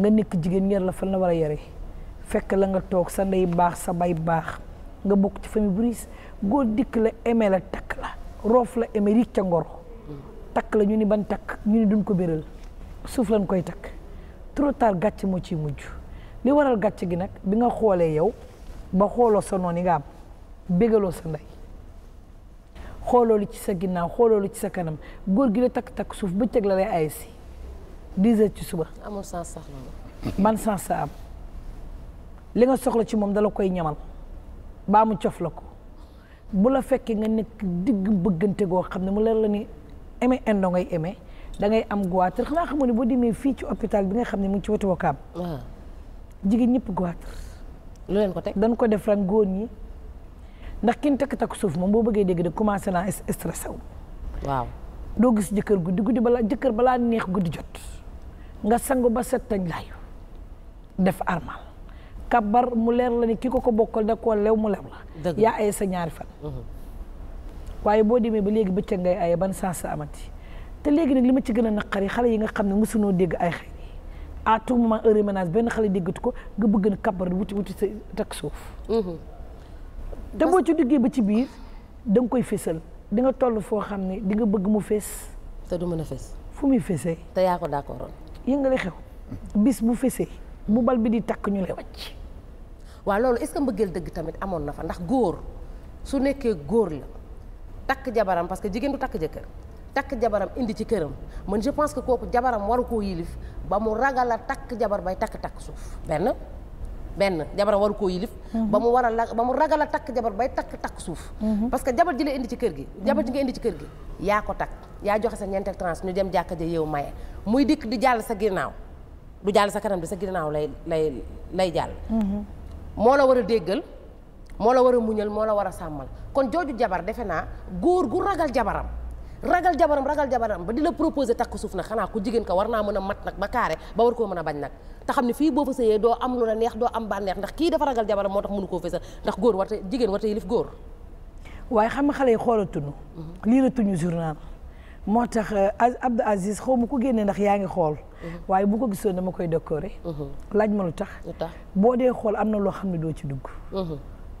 nga nekk jigéen ñer la fan la war a yare fekk la nga toog sa ndey baax sa bay baax nga bokk ci famille bu riis góor dikk la aimé la takk la roof la aimé rik ca ngoro takk la ñu ni ban takk ñu ni duñ ko béral suuf lañ koy takk trop tard gàcce moo ci mujj li waral gàcc gi nag bi nga xoolee yow ba xooloo sa noon yi nga am bégaloo sa ndey xooloo li ci sa ginnaaw xooloo li ci sa kanam góor gi la takk takk suuf bëccëg la lay ay si dix ci suba. amul sens sax loolu. ban sens sa am li nga soxla ci moom dala koy ñamal baa mu cof la ko bu la fekkee nga nekk digg bëggante goo xam ne mu leer la ni aimé indo ngay aimé da ngay am goitre xanaa xamoon ne boo demee fii ci hôpital bi nga xam ne mu ngi ci wetu Wakaam. Ah. jigéen ñépp goitre. lu leen ko teg dañ ko def ran góor ñi ndax kin takk takk suuf moom boo bëggee dégg de commencé naa stressé wu. waaw doo gis jëkkër guddi guddi balaa jëkkër balaa neex guddi jot. nga sangu ba set tañ laayu def armal kabar mu leer la ni kii ko ko bokkal da koo lew mu lew la yaa aye sa ñaari fan mhm. waaye boo demee ba léegi bëccëg ngay aye ban sens sa amati te léegi nag li ma ci gën a naqari xale yi nga xam ne sunoo dégg ay xëy à tout moment heure ménage benn xale déggatu ko nga bëgg na kabar wuti wuti sa teg suuf mhm. te boo ci duggee ba ci biir da koy fésal di nga toll foo xam ne di nga bëgg mu fees te du mën fu muy feesee te yaa ko d'accord yëngale xew bis bu fesee bu bal bi di takk ñu lay wàcc. waaw loolu est-ce que mbëggeel dëgg tamit amoon na fa ndax góor su nekkee góor la takk jabaram parce que jigéen du takk kër takk jabaram indi ci këram man je pense que kooku jabaram waru koo yilif ba mu ragal a takk jabar bay takk takk suuf benn. benn jabaram waru koo yilif ba mu war a la ba mu ragal a takk jabar bay takk takk suuf parce que jabar ji la indi ci kër gi jabar ji nga indi ci kër gi yaa ko takk yaa joxe sa ñeenteel tranche ñu dem jàkka ja yow maye muy dikk di jàll sa ginnaaw du jàll sa kanam di sa ginnaaw lay lay lay jàll moo la war a déggal moo la war a muñal moo la war a sàmmal kon jooju jabar defe naa góor gu ragal jabaram ragal jabaram ragal jabaram ba di la proposer takk suuf nag xanaa ko jigéen ko war naa mën a mat nag ba carré ba war koo mën a bañ nag te xam ne fii boo fa sëyee doo am lu la neex doo am bànneex ndax kii dafa ragal jabaram moo tax mënu koo fësal ndax góor war te jigéen war te yilif góor waaye xam nga xale yi xoolatuñu mhm. liiratuñu journal moo tax euh, Abdou Aziz xaw ko génnee ndax yaa ngi xool mhm. waaye bu ko gisoon dama koy décorer mhm. laaj ma lu tax boo dee xool am na loo xam ne doo ci dugg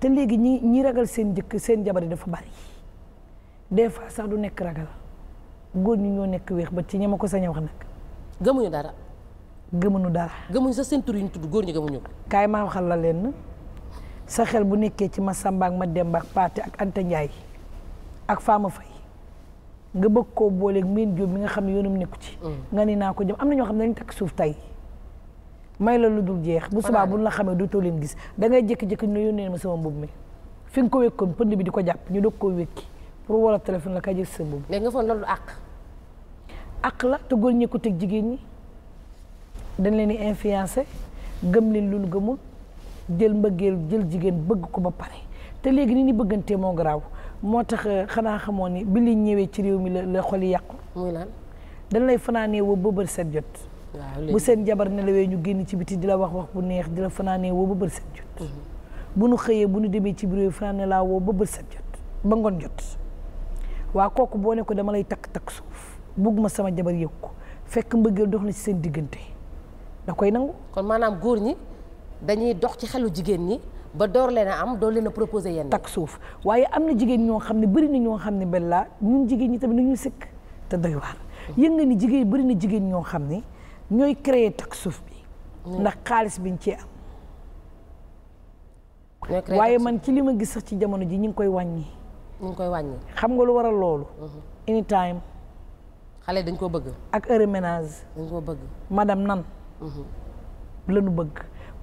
te léegi ñi ñi ragal seen jëkk seen jabar yi dafa bari des fois sax du nekk ragal góor ñu ñoo nekk weex ba ci ñama ko sañ a wax nag. gëmuñu dara. gëmuñu dara. gëmuñu sa seen tur yi ñu tudd góor ñi gëmuñu ko. kaay maa waxal la leen sa xel bu nekkee ci Masamba ak Mademba ak Paate ak Anta Ndiaye ak faa Fama fay nga bëgg koo booleeg Mbène Diop mi nga xam ne yoonam nekku ci. Mm. nga ni naa ko jëm am ñoo xam ne dañu takk suuf tay may la lu dul jeex. bu subaa bu la xamee dootoo leen gis da ngay jékki ñu ne yónnee ma sama mbubb mi fi nga ko wékkoon pënd bi di ko jàpp ñu doog koo wékki. pour wala téléphone la kay jël sa boobu. léegi nga foog loolu àq. àq teg jigéen ñi dañ leen di influencé gëm leen lu ñu gëmul jël mbëggeel jël jigéen bëgg ko ba pare te léegi ni ñu bëggantee moo garaaw moo tax euh, xanaa xamoon ni bi li ñëwee ci réew mi la la xol yàqu. muy lan dañ lay fanaanee woo ba bër set jot. bu seen jabar nelawee ñu génn ci biti di la wax wax bu neex di la fanaanee bër mhm. bu nu xëyee bu nu demee ci bureau yi fanaan laa woo ba bër set jot ba ngoon jot. waa kooku boo ne ko dama lay takk takk suuf bugg ma sama jabar yëg ko fekk mbëggeel dox na ci seen diggante da koy nangu. kon maanaam góor ñi dañuy dox ci xelu jigéen ñi ba door leen am door leen a proposé yenn. takk suuf waaye am na jigéen ñoo xam ne bari na ñoo xam ne Bella ñun jigéen ñi tamit nañu sëkk te doy waar. nga ni jigéen bëri na jigéen ñoo xam ne ñooy créer takk suuf bi. Mm. ndax xaalis biñ cee am. waaye man ci li ma gis sax ci jamono ji ñu ngi koy wàññi. mu ngi koy wàññi. xam nga lu waral loolu. Mhm. anytime. xale dañ koo bëgg. ak heure ménage. dañ koo bëgg. madame nan. Mhm. lanu bëgg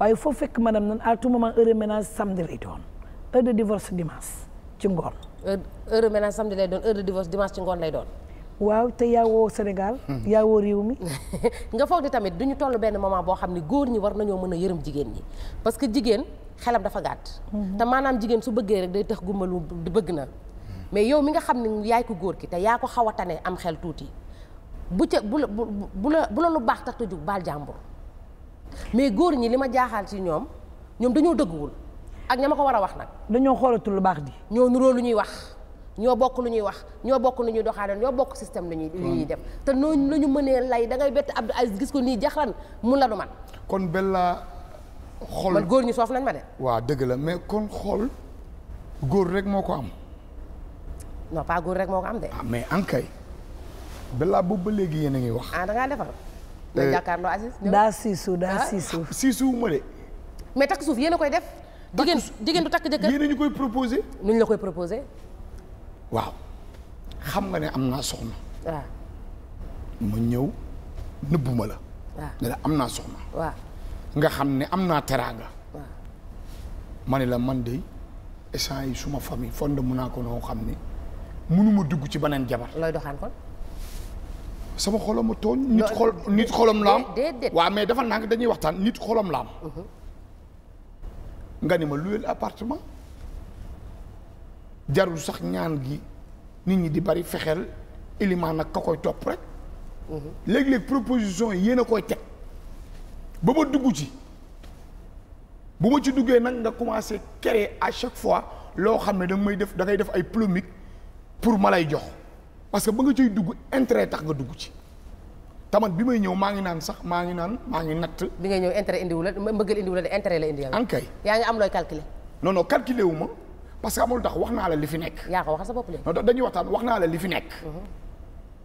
waaye foo fekk madame nan à tout moment heure ménage samedi lay doon heure de divorce dimanche ci ngoon. heure heure ménage samedi lay doon heure de divorce dimanche ci ngoon lay doon. waaw te yaa woo Sénégal. Mhm. yaa woo réew mi. nga foog ni tamit du ñu toll benn moment boo xam ne góor ñi war nañoo mën a yërëm jigéen ñi parce que jigéen xelam dafa gàtt. te maanaam jigéen su bëggee rek day tax gumbalu bëgg na. mais yow mi nga xam ne yaay ko góor ki te yaa ko xaw a tane am xel tuuti bu ca bu la bu la bu la lu baax tax te jug baal jàmbur mais góor ñi li ma jaaxal ci ñoom ñoom dañoo dëgguwul ak ña ma ko war a wax nag. dañoo xoolatul lu baax di. ñoo nuroo lu ñuy wax ñoo bokk lu ñuy wax ñoo bokk lu ñuy ñoo bokk système lu ñuy. lu ñuy def te noonu la ñu mënee lay dangay ngay bett Abdou Aziz gis ko nii jaxlan mun la man. kon Bella xol man góor ñi soof nañ ma de. waa dëgg la mais kon xool góor rek moo ko am. non pas rek moo ko am de. ah mais ankay. balaa boobu ba léegi yéen a ngi wax. ah da ngaa defar. Eh, nga jàkkaarloo daa siisu daa ah. siisu. siisu ma de. mais takk suuf yéen a koy def. jigéen jigéen du takk jëkkër yéen a ñu koy proposé. nu ñu la koy proposé. waaw xam nga ne am naa soxna. Ah. mu ñëw nëbbu ma la. Ah. ne la am naa soxna. waaw nga xam ne am naa teraanga. waaw ne la man de échange yi suma famille fond mun naa ko noo xam ne. mënuma dugg ci beneen jabar. looy doxaan kon. sama xolam a tooñ. nit xol nit xolam laam. déedéet waaw mais dafa nang dañuy waxtaan nit xolam laam. Mhm. nga ni ma luyeel appartement. jarul sax ñaan gi nit ñi di bari fexeel élément nag ka koy topp rek. Mhm. léeg-léeg proposition yi yéen a koy teg ba ma dugg ci bu ma ci duggee nag nga commencé créer à chaque fois loo xam ne da may def da def ay polémique pour ma lay jox parce que ba nga ciy dugg intérêt tax nga dugg ci taman bi may ñëw maa ngi naan sax maa ngi naan maa ngi natt. bi ngay ñëw intérêt indiwu la mbëggal indiwu la de intérêt la indi yow. ankay yaa ngi am looy calculer. non non calculer wu ma parce que amul tax wax naa la li fi nekk. yaa ko waxal sa bopp léegi. non dañuy waxtaan wax naa la li fi nekk. Mhm.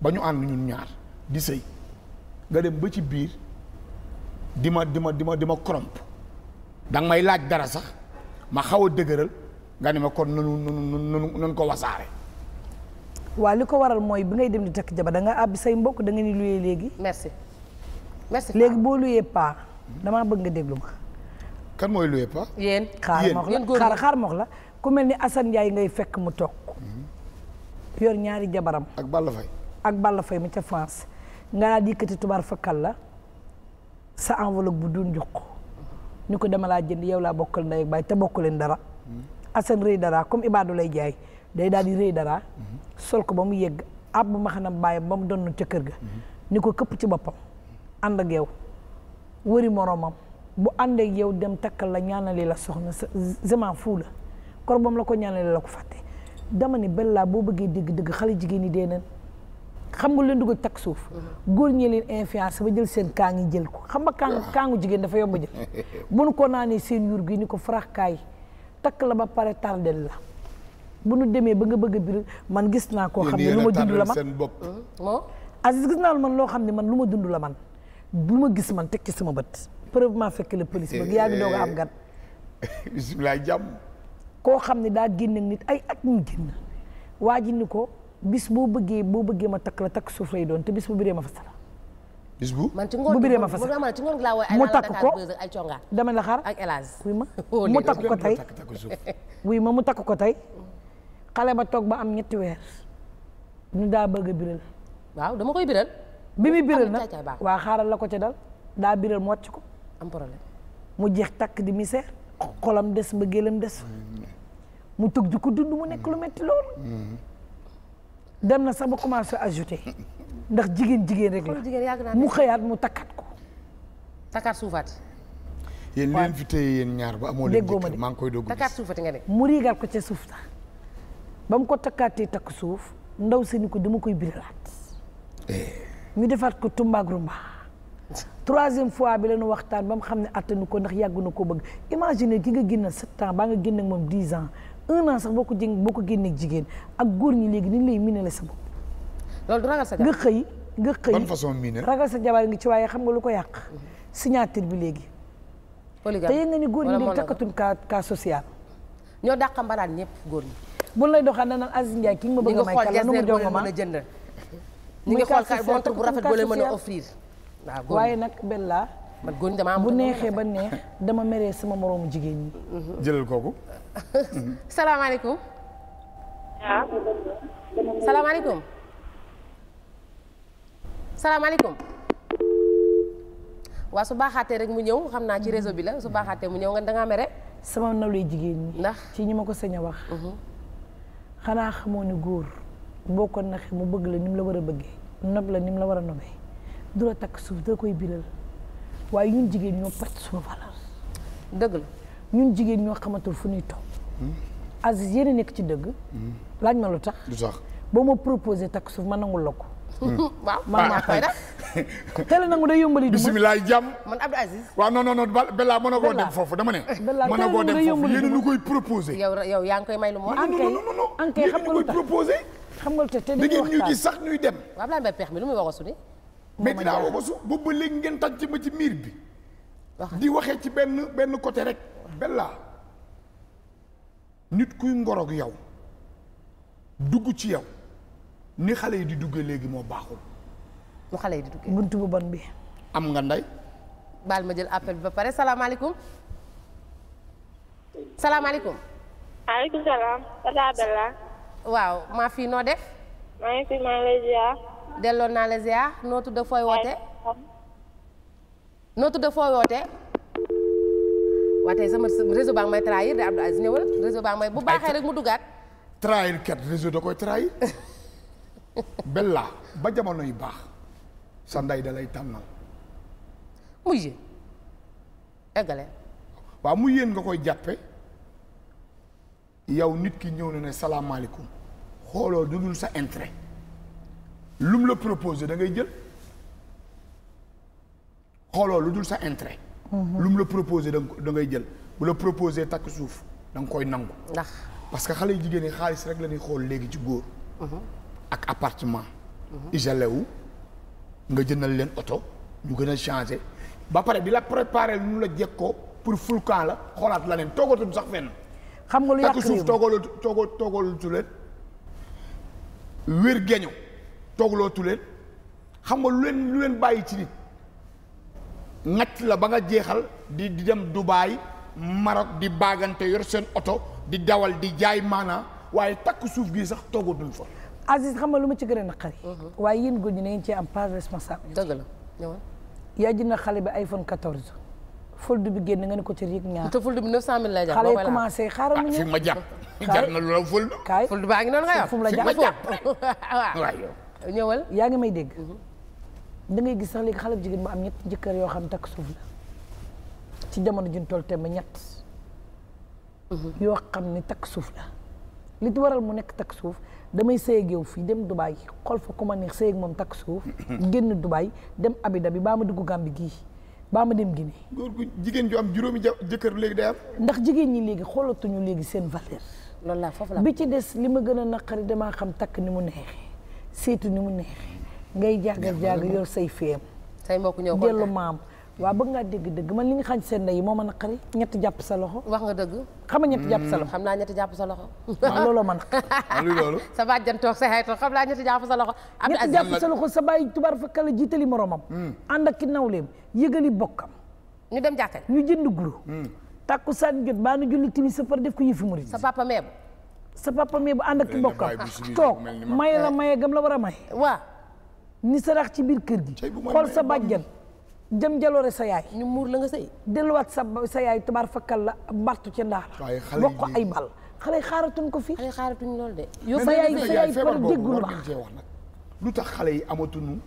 ba ñu ànd ñun ñaar di sëy nga dem ba ci biir di ma di ma di ma di ma koromp danga may laaj dara sax ma xaw a dëgëral nga ne ma kon nanu nanu nanu ko wasaare. waa li ko waral mooy bi ngay dem di takk jabar da nga àbbi say mbokk da nga ni luyee léegi. merci merci léegi boo luyee paa damaa bëgg nga déglu ma. kan mooy luyee paa. yéen yéen yéen góor xaar xaar la ku mel ni Assane Ndiaye ngay fekk mu toog. yor ñaari jabaram. ak Balla Fay ak Balla Fay mu ca France. nga naa dikkati tubaar fakkal la sa enveloppe bu dun jox ko ko dama laa jënd yow laa bokkal ndey ak baay te bokk leen dara. Hmm. Assane rëy dara comme Ibadou lay jaay. day daal di rëy dara sol ko ba mu yegg ab ma xanam bàyyam ba mu doon ca kër ga ni ko këpp ci boppam ànd ak yow wëri moroomam bu ànd ak yow dem takkal la ñaanali la soxna zaman fuu la kor bam la ko ñaanali la ko fàtte dama ne Bella boo bëggee dégg dëgg xale jigéen ñi dee nañ xam nga leen dugg takk suuf góor ñi leen influence ba jël seen kaa ngi jël ko xam nga kaa kaangu jigéen dafa yomb jël bu nu ko naanee seen yuur gi ni ko farax kaay takk la ba pare tardel la bu nu demee ba nga bëgg a bir man gis naa koo xam ne lu ma dund la man a gis naa man loo xam ne man lu ma dund la man bu ma gis man teg ci sama bët preuve maa fekk police ba yaa doo doog a am gan eh, bisimilah jàmm koo xam ne daa génn ak nit ay ak ñu génn waa ji ni ko bis boo bëggee boo bëggee ma takk la takk suuf lay doon te bis bu biree ma fas la bis bu bu biree ma fas mu takk ko dama la xaar kuy ma mu takk ko tey wuy ma mu takk ko tey xale ba toog ba am ñetti weer ñu daa bëgg a biral waaw dama koy biral bi muy biral nag waa xaaral la ko ca dal daa biral mu wàcc ko am problème mu jeex takk di misère xolam des ma mbëggeelam des mu tëg di ko dund mu nekk lu metti loolu dem na sax ba commencé ajouté ndax jigéen jigéen rek la mu xëyaat mu takkat ko takkaat suufaati yéen leen fi tey yéen ñaar ba amoo leen jëkkër maa ngi koy dogg takkaat suufaati mu riigaat ko ca suuf sax ba mu ko takkaatee takk suuf ndaw si ni ko ma koy birilaat eh. ñu defaat ko tumbaag rumba troisième fois bi lañu waxtaan ba mu xam ne attanu ko ndax yàgg na ko bëgg imagine ki nga génne sept ans baa nga génne ak moom dix ans un an sax boo jëng boo ko génneeg jigéen ak góor ñi léegi ni lay miinale sa bopp loolu du ragal sa jabar nga xëy nga xëy ban façon ragal sa jabar ngi ci waaye xam nga lu ko yàq si signature bi léegi te yéen nga ni góor ñi léegi takkatuñ cas cas social ñoo dàqa ñëpp góor ñi bu lay doxal na naan Aziz Ndiaye ki nga ma a may kala nu mu jongo ma ngi xool kàr montre bu rafet boo leen mën a waaye nag Bella man góor ñi damaa am bu neexee ba neex dama mere sama moroomu jigéen ñi. jëlal kooku. salaamaaleykum. waaw. salaamaaleykum. salaamaaleykum. waaw su baaxaatee rek mu ñëw xam naa ci réseau bi la su baaxaatee mu ñëw nga dangaa mere. sama nawlay jigéen ñi. ndax ci ñu ma ko sañ a wax. Mhm. xanaa xamoo ni góor boo ko naxee mu bëgg la ni la war a bëggee nob la nim la war a nobee du la takk suuf da koy biral waaye ñun jigéen ñoo perte suñu valeur. dëgg la ñun jigéen ñoo xamatul fu ñuy toog. Hmm. Aziz yéen nekk ci dëgg. Hmm. laaj ma lu tax. lu tax boo ma proposé takk suuf ma nangul la ko. waaw man maa koy def. teel a nangu day yombali duma bisimilah jàmm. man Abdou Aziz. waaw non non non Bella mën na koo dem foofu dama ne. Bella mën na koo dem foofu yéen ñu koy proposé. yow yow yaa ngi koy may lu mu wax. non non non ankay xam nga lu tax xam nga lu tax te dañuy waxtaan da ngeen ñu gis sax ñuy dem. waaw Ablaye Mbaye pex mi lu muy wax wasu ni. mais dinaa wax wasu boobu ba léegi ngeen tànc ma ci miir bi. di waxee ci benn benn côté rek. Bella nit kuy ngorog yow dugg ci yow ni xale yi di duggee léegi moo baaxul. nu xale yi di duggee buntu bu bi. am nga nday. baal ma jël appel bi ba pare salaamaaleykum. salaamaaleykum. maaleykum salaam. waaw maa fii noo def. maa ngi fi maa ngi delloo naa la ziar noo tudd fooy woote. noo tudd fooy woote. waa tey sama réseau baa ngi may trahir de Abdou Aziz ñëwal réseau baa ngi may bu baaxee rek mu duggaat. trahir kat réseau da koy trahir. Bella ba jamono yu baax sa ndey da lay tànnal. muy yéen eggale. waaw mu yéen nga koy jàppe yow nit ki ñëw na ne salaamaaleykum xooloo du sa intérêt lu la proposé da ngay jël xooloo lu dul sa intérêt. Mhm. lu mu la proposé da ngay jël bu la proposé takk suuf da koy nangu. ndax parce que xale yu jigéen yi xaalis rek la xool léegi ci góor. Mhm. ak appartement. isolé wu nga jëndal leen oto ñu gën a changé ba pare bi la préparer lu la jekkoo pour fulkan la xoolaat la leen toogatul sax fenn. xam nga lu yàq suuf toogaloo toogoo toogalootu leen wér geño toogalootu xam nga lu leen lu leen bàyyi ci nit natt la ba nga jeexal di di dem Dubaay Maroc di baagante yor seen oto di dawal di jaay maanaa waaye takk suuf gi sax toogatul fa. Aziz xam nga lu ma ci gën a naqari. Mhm. waaye yéen góor ñi na ngeen cee am part responsable. dëgg la yaa jënd xale bi iPhone 14. fuldu bi génn nga ne ko ci riig ñaar. te fuldu bi 900000 lay jar. xale yi ah, na loolu fuldu. kaay fuldu baa ngi noonu nga yor fu mu la jàpp. waaw yaa ngi may dégg. Mhm. da ngay gis sax léegi xale bu jigéen bu am ñett jëkkër yoo xam takk suuf la ci jamono juñ toll temb ñett. Mhm. yoo xam ne takk suuf li di waral mu nekk takk suuf damay sëyeeg yow fii dem Dubaay xool fa ku ma neex sëyeeg moom takk suuf. génn Dubaay dem Abida bi baa ma dugg Gàmbi gii baa ma dem Guinée. jigéen ju am juróomi jëkkër léegi day am. ndax jigéen ñi léegi xoolatuñu léegi seen valeur. loolu la foofu la bi ci des li ma gën a naqari damaa xam takk ni mu neexee seetu ni mu neexee ngay jàggal jàgg yor say feem. say mbokk ñëw dellu maam. waaw bëgg ngaa dégg dëgg man li nga xañ seen ndey moo ma naqari ñetti jàpp sa loxo wax nga dëgg xam nga ñetti jàpp sa loxo mm, xam naa ñetti jàpp sa loxo waaw looloo man ah, luy loolu sa bàjjan toog sa xeetoo xam naa ñetti jàpp sa loxo ñetti jàpp sa loxo sa bàyyi tubaar fa kala jiitali moromam mm. ànd ak ki nawleem yëgali bokkam ñu dem jàkka ñu jënd guro mm. tàkku saan jot baa na julli timi sa par def ko yëfi murid sa papa meebu sa papa meebu ànd ak ki bokkam toog maye la eh. maye gam la war a may waa ni sarax ci biir kër gi xool sa bàjjan dem jaloore sa yaay. ñu muur la nga sëy. delluwaat sa sa yaay tubaar fakkal la mbartu ca ndaar. waaye ay bal xale yi xaaratuñ ko fii. xale yi xaaratuñ de. yow sa yaay sa yaay par wax nag lu tax xale yi amatuñu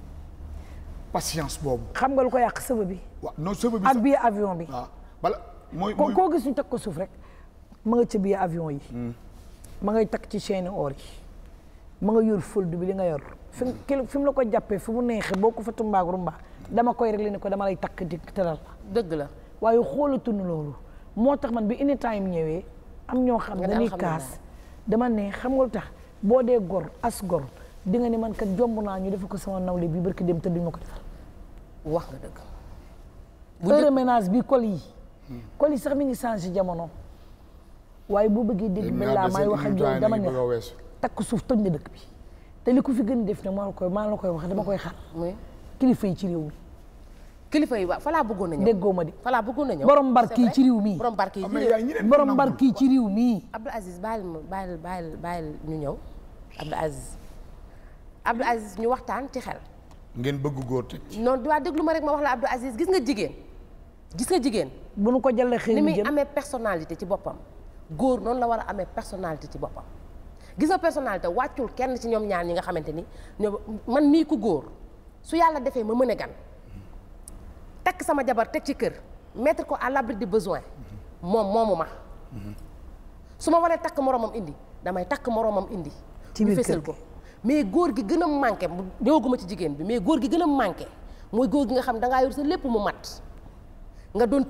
patience boobu. xam nga ko yàq sëba bi. waaw non sëba bi ak avion bi. waaw ah, bala mooy mooy koo gis ñu teg ko suuf rek ma nga ca biir avion yi. Hmm. ma ngay takk ci chaîne or yi nga yor fëldu bi li nga yor. fi mu la ko jàppee fi mu neexee boo ko fa tumbaag rumba dama koy réglé ne ko dama lay takk di tëral la dëgg la waaye xoolatuñu loolu moo tax man bi any time ñëwee am ñoo xam ne dañuy kaas dama ne xam nga lu tax boo dee gor as di nga ni man kat jomb naa ñu defa ko sama nawle bi barki dem te duñ ko defal wax nga dëgg heure ménage bi hmm. col yi sax mi ngi jamono waaye boo bëggee dégg bi laa may wax ak yow dama ne takk suuf toj na dëkk bi te li ku fi gën def ne maa la koy maa la koy wax dama koy xar. kilifa yi ci réew mi. kilifa yi wax fa laa bëggoon a ñëw déggoo ma di. fa laa bëggoon a ñëw borom barke yi ci réew mi borom barke yi ci réew mi borom barke ci réew mi. Abdou Aziz bàyyil ma bàyyil bàyyil bàyyil ñu ñëw Abdou Aziz Abdou Aziz ñu waxtaan ci xel. ngeen bëgg góor teg ci. non waa déglu ma rek ma wax la Abdou Aziz gis nga jigéen gis nga jigéen. bu nu ko jëlee xëy ni muy amee personnalité ci boppam góor noonu la war a amee personnalité ci boppam. gis nga personnalité wàccul kenn ci ñoom ñaar ñi nga xamante ni ñoom man mii ku góor su yàlla defee ma mën a gan takk sama jabar teg ci kër mettre ko à l'abri du besoin moom moomu ma su ma waree takk moroomam indi damay takk moroomam indi ñu fésal ko mais góor gi gën a manqué ñëwaguma ci jigéen bi mais góor gi gën a manqué mooy góor gi nga xam dangaa yor sa lépp mu mat nga doon